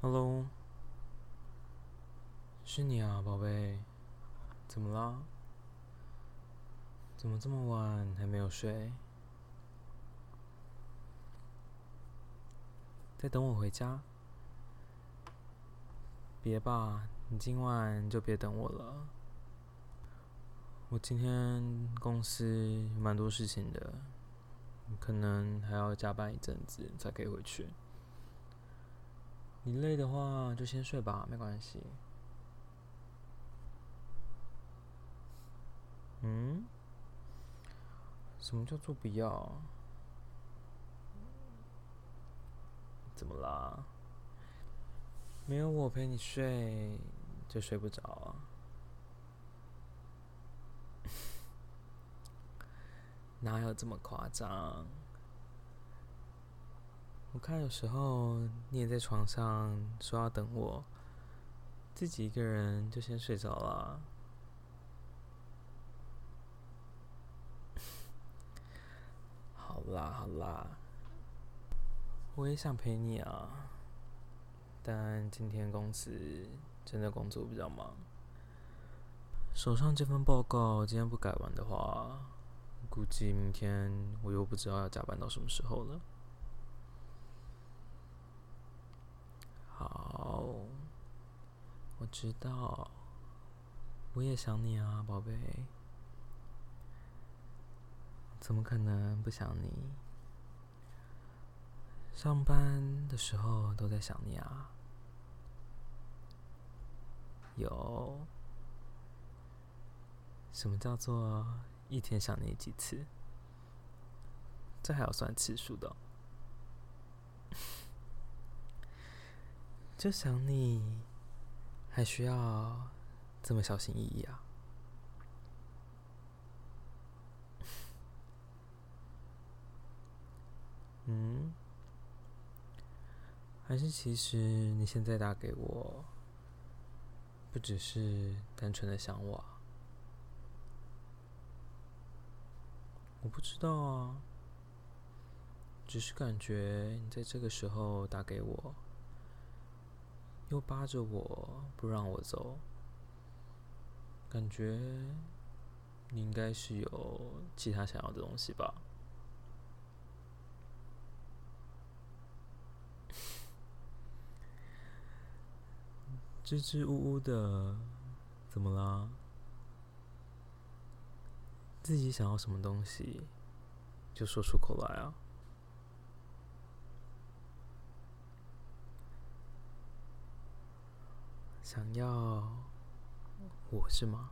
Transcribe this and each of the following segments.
Hello，是你啊，寶貝，怎麼啦？怎麼這麼晚還沒有睡？在等我回家？別吧，你今晚就別等我了。我今天公司有蠻多事情的，可能還要加班一陣子才可以回去。你累的話就先睡吧，沒關係。嗯？什麼叫做不要？怎麼啦？沒有我陪你睡就睡不着啊？ 哪有這麼誇張？我看有時候你也在床上說要等我，自己一個人就先睡着了。 好啦好啦，我也想陪你啊，但今天公司真的工作比較忙，手上這份報告今天不改完的話，估計明天我又不知道要加班到什麼時候了。我知道，我也想你啊，寶貝。怎麼可能不想你？上班的時候都在想你啊。有，什麼叫做一天想你幾次？這還要算次數的哦？ 就想你。還需要這麼小心翼翼啊？ 嗯，還是其實你現在打給我，不只是單純的想我啊。我不知道啊，只是感覺你在這個時候打給我。又扒着我，不讓我走，感覺你應該是有其他想要的東西吧？支支吾吾的，怎麼啦？自己想要什麼東西，就說出口來啊。想要我，是嗎？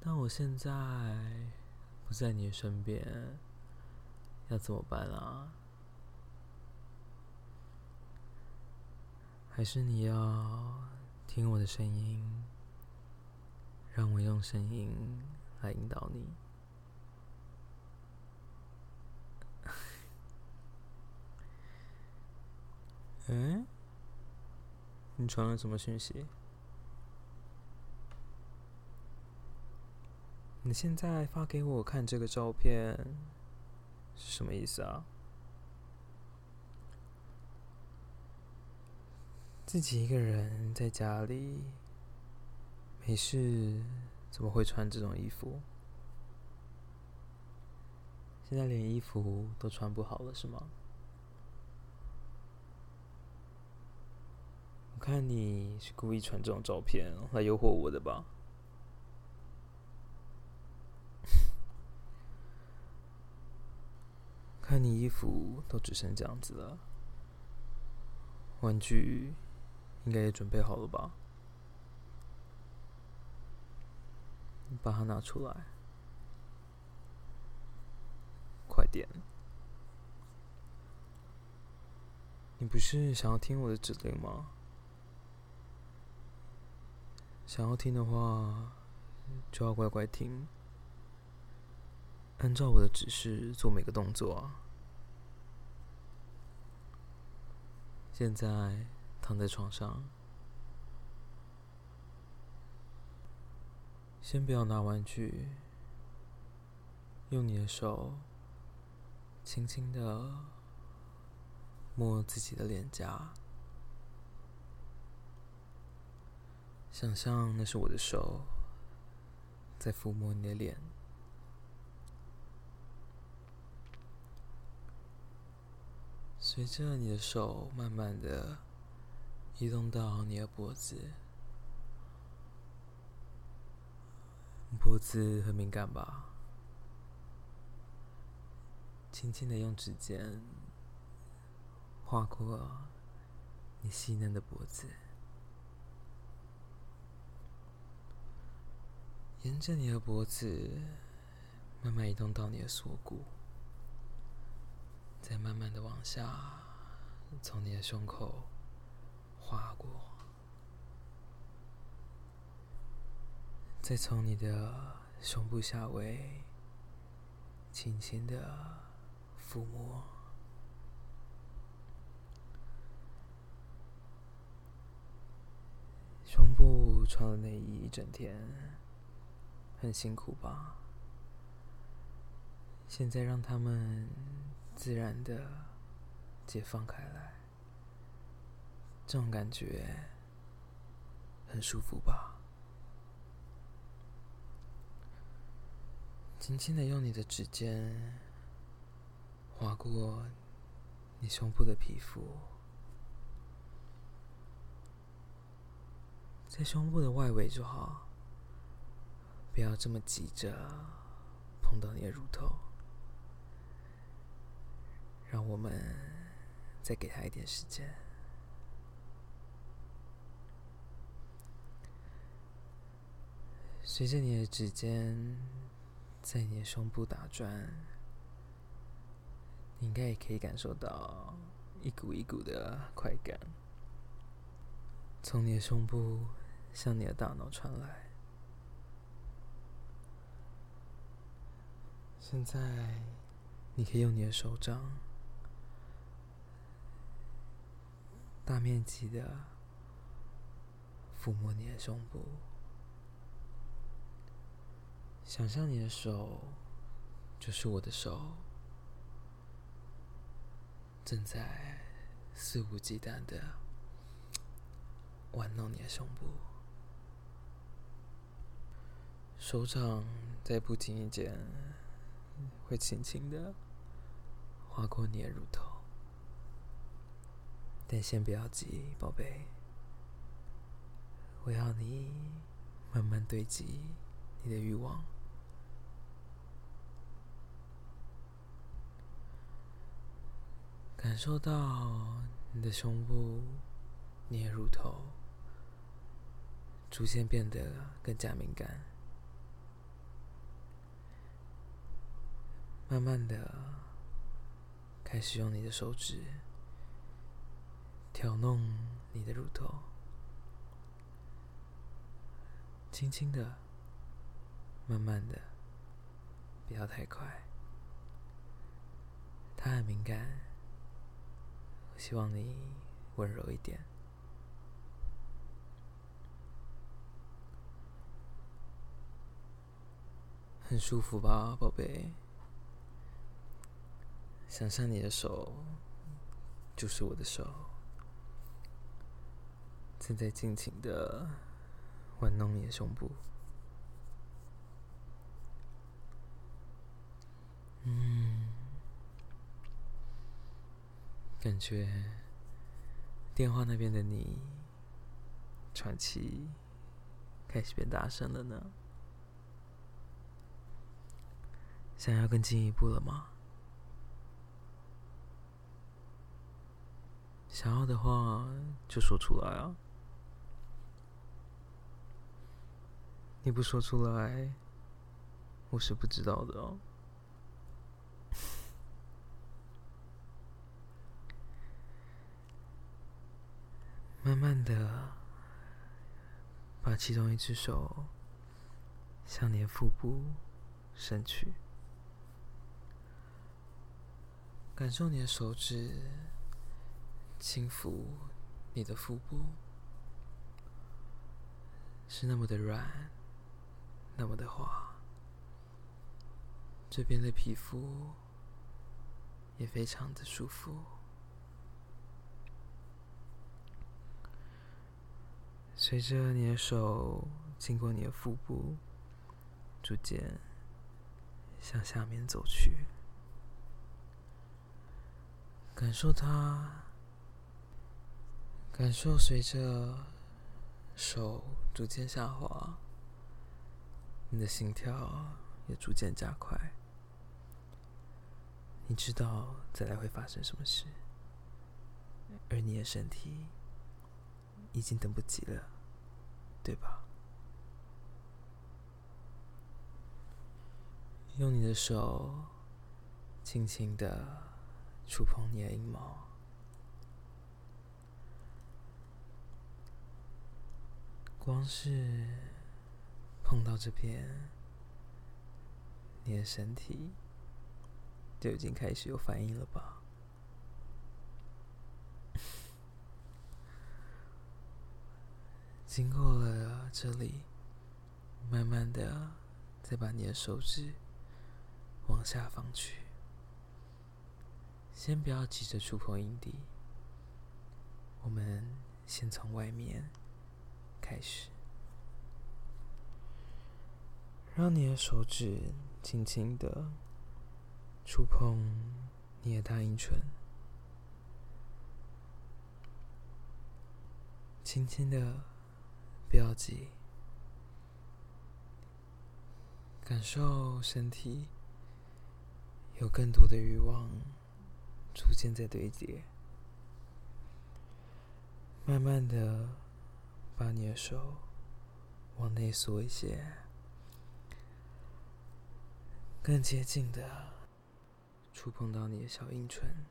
但我現在不在你身邊，要怎麼辦啊？還是你要聽我的聲音，讓我用聲音來引導你？嗯、欸，你傳了什麼訊息？你現在發給我看這個照片是什麼意思啊？自己一個人在家裡沒事，怎麼會穿這種衣服？現在連衣服都穿不好了，是嗎？我看你是故意傳這種照片來誘惑我的吧？ 看你衣服都只剩這樣子了，玩具應該也準備好了吧？你把它拿出來，快點！你不是想要聽我的指令嗎？想要聽的話，就要乖乖聽，按照我的指示做每個動作。現在躺在床上，先不要拿玩具，用你的手輕輕的摸自己的臉頰。想象那是我的手，在撫摸你的臉，隨着你的手慢慢的移動到你的脖子，脖子很敏感吧？輕輕的用指尖劃過你細嫩的脖子。沿着你的脖子，慢慢移動到你的鎖骨，再慢慢的往下，從你的胸口劃過，再從你的胸部下圍，輕輕的撫摸。胸部穿了內衣一整天。很辛苦吧？現在讓他們自然的解放開來，這種感覺很舒服吧？輕輕的用你的指尖劃過你胸部的皮膚，在胸部的外圍就好。不要這麼急着碰到你的乳頭，讓我們再給他一點時間。隨着你的指尖在你的胸部打轉，你應該也可以感受到一股一股的快感從你的胸部向你的大腦傳來。現在，你可以用你的手掌，大面積的撫摸你的胸部。想象你的手就是我的手，正在肆無忌憚的玩弄你的胸部，手掌在不經意間。會輕輕的劃過你的乳頭，但先不要急，寶貝。我要你慢慢堆積你的慾望，感受到你的胸部，你的乳頭，逐漸變得更加敏感。慢慢的，開始用你的手指挑弄你的乳頭，輕輕的，慢慢的，不要太快，他很敏感，我希望你溫柔一點，很舒服吧，寶貝。想象你的手，就是我的手，正在盡情的玩弄你的胸部。嗯，感覺電話那邊的你喘氣開始變大聲了呢，想要更進一步了嗎？想要的話就說出來啊！你不說出來，我是不知道的哦。慢慢的，把其中一隻手向你的腹部伸去，感受你的手指。輕撫你的腹部，是那麼的軟，那麼的滑。這邊的皮膚也非常的舒服。隨着你的手經過你的腹部，逐漸向下面走去，感受它。感受隨着手逐漸下滑，你的心跳也逐漸加快。你知道再來會發生什麼事，而你的身體已經等不及了，對吧？用你的手輕輕的觸碰你的陰毛。光是碰到這邊，你的身體就已經開始有反應了吧？ 經過了這裡，慢慢的再把你的手指往下放去，先不要急着觸碰陰蒂，我們先從外面。開始，讓你的手指輕輕的觸碰你的大陰唇，輕輕的，不要急，感受身體有更多的慾望逐漸在堆積，慢慢的。把你的手往內縮一些，更接近的觸碰到你的小陰唇。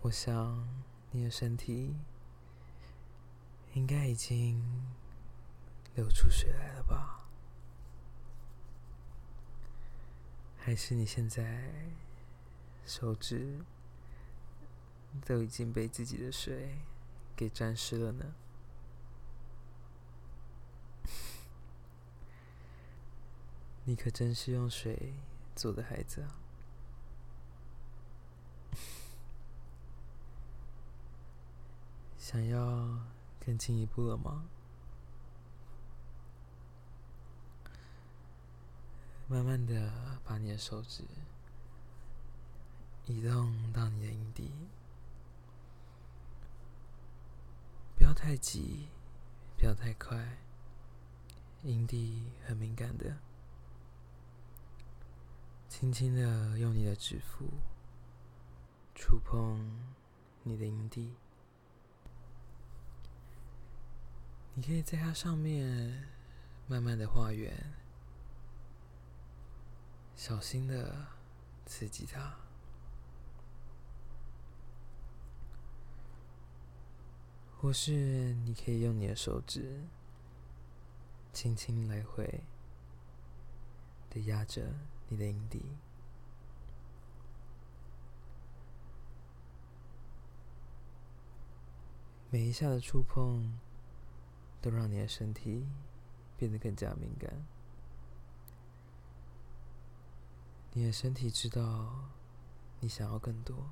我想你的身體應該已經流出水來了吧？還是你現在手指？都已經被自己的水給沾濕了呢。你可真是用水做的孩子啊！想要更進一步了嗎？慢慢的把你的手指移動到你的陰蒂。太急，不要太快。陰蒂很敏感的，輕輕的用你的指腹觸碰你的陰蒂，你可以在它上面慢慢的畫圓，小心的刺激它。或是你可以用你的手指，輕輕來回的壓着你的陰蒂。每一下的觸碰，都讓你的身體變得更加敏感。你的身體知道你想要更多，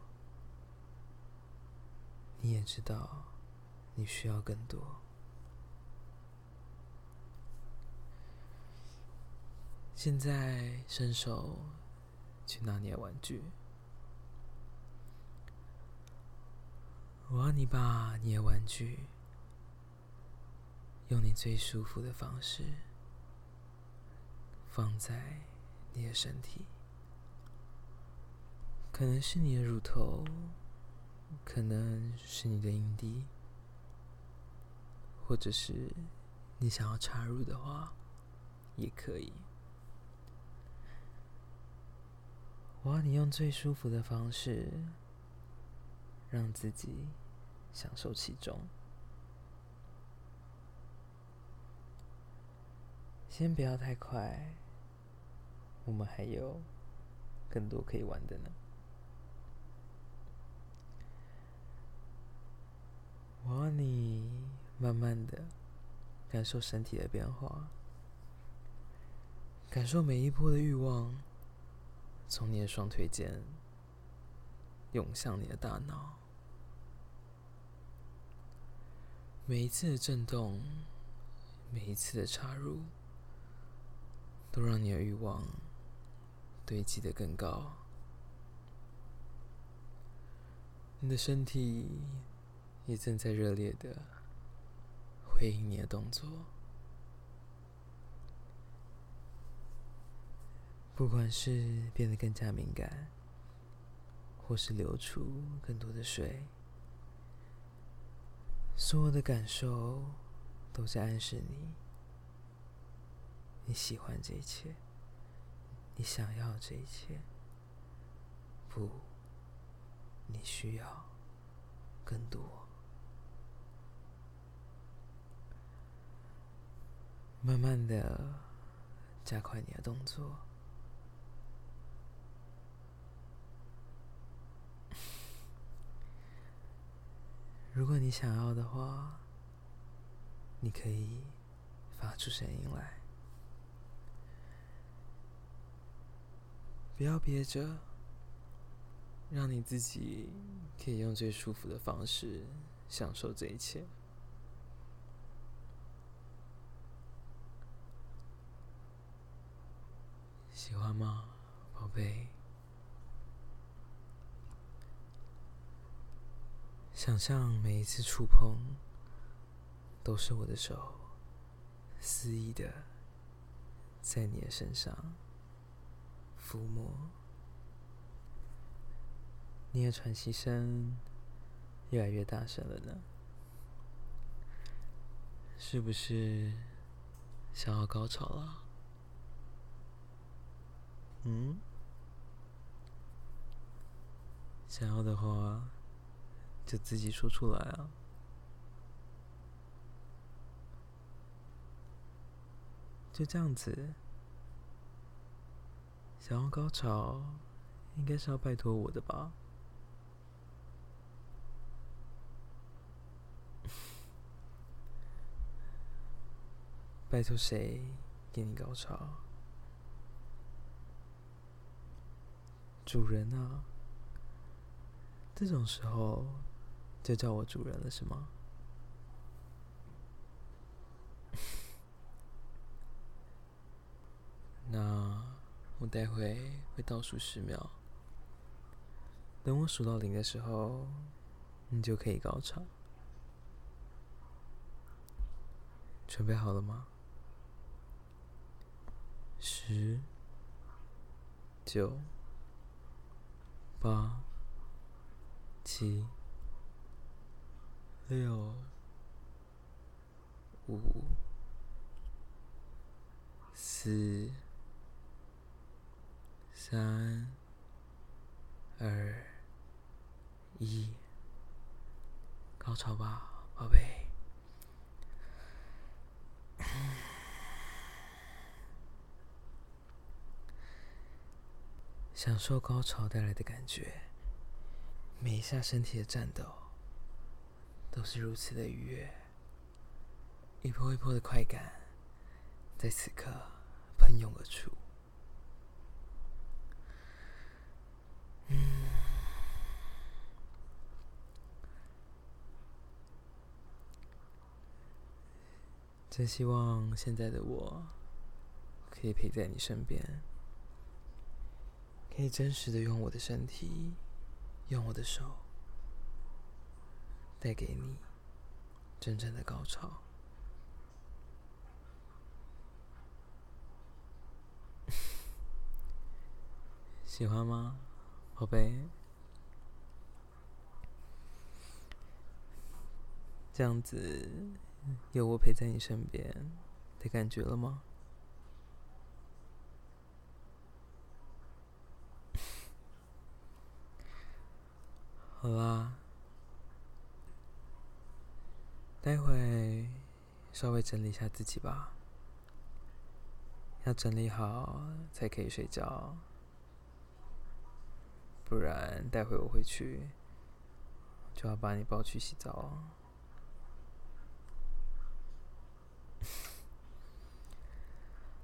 你也知道。你需要更多。現在伸手去拿你的玩具，我要你把你的玩具，用你最舒服的方式放在你的身體，可能是你的乳頭，可能是你的陰蒂。或者是你想要插入的話，也可以。我要你用最舒服的方式，讓自己享受其中。先不要太快，我們還有更多可以玩的呢。我要你。慢慢的，感受身體的變化，感受每一波的慾望從你的雙腿間湧向你的大腦，每一次的震動，每一次的插入，都讓你的慾望堆積得更高，你的身體也正在熱烈的，回應你的動作，不管是變得更加敏感，或是流出更多的水，所有的感受都在暗示你，你喜歡這一切，你想要這一切，不，你需要更多。慢慢的加快你的動作。如果你想要的話，你可以發出聲音來，不要憋着，讓你自己可以用最舒服的方式享受這一切。喜歡嗎，寶貝？想象每一次觸碰，都是我的手，肆意的在你的身上撫摸。你的喘息聲越來越大聲了呢，是不是想要高潮了？嗯，想要的話，就自己說出來啊！就這樣子，想要高潮，應該是要拜託我的吧？ 拜託誰給你高潮？主人啊，這種時候就叫我主人了，是嗎？ 那我待會會倒數十秒，等我數到零的時候，你就可以高潮。準備好了嗎？十、九。八、七、六、五、四、三、二、一，高潮吧，寶貝！享受高潮帶來的感覺，每一下身體的顫抖都是如此的愉悅，一波一波的快感在此刻噴湧而出。嗯，真希望現在的我可以陪在你身邊。可以真實的用我的身體，用我的手，帶給你真正的高潮， 喜歡嗎，寶貝？這樣子有我陪在你身邊的感覺了嗎？好啦，待會稍微整理一下自己吧，要整理好才可以睡覺，不然待會我回去，就要把你抱去洗澡。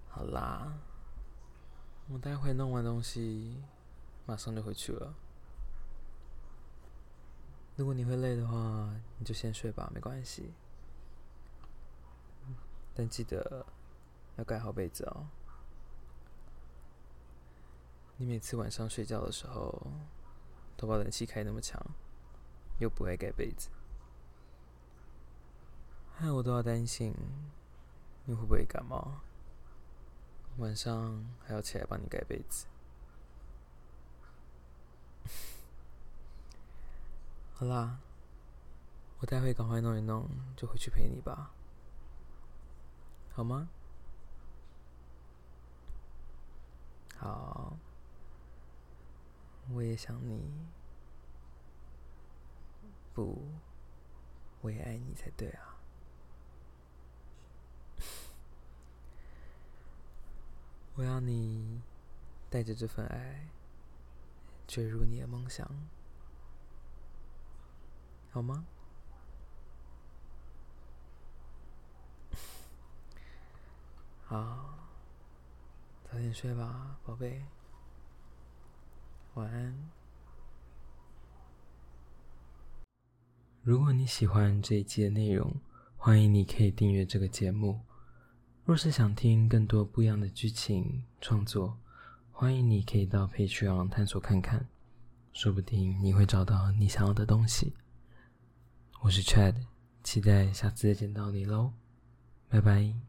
好啦，我待會弄完東西馬上就回去了。如果你會累的話，你就先睡吧，沒關係。但記得要蓋好被子哦。你每次晚上睡覺的時候，都把冷氣開那麼強，又不愛蓋被子，害我都要擔心你會不會感冒。晚上還要起來幫你蓋被子。好啦，我待會趕快弄一弄，就回去陪你吧，好嗎？好，我也想你。不，我也愛你才對啊！ 我要你帶着這份愛，墜入你的夢想。好嗎？好，早點睡吧，寶貝。晚安。如果你喜歡這一期的內容，歡迎你可以訂閱這個節目。若是想聽更多不一樣的劇情創作，歡迎你可以到 Patreon 探索看看，說不定你會找到你想要的東西。我是 Chad，期待下次見到你嘍，拜拜。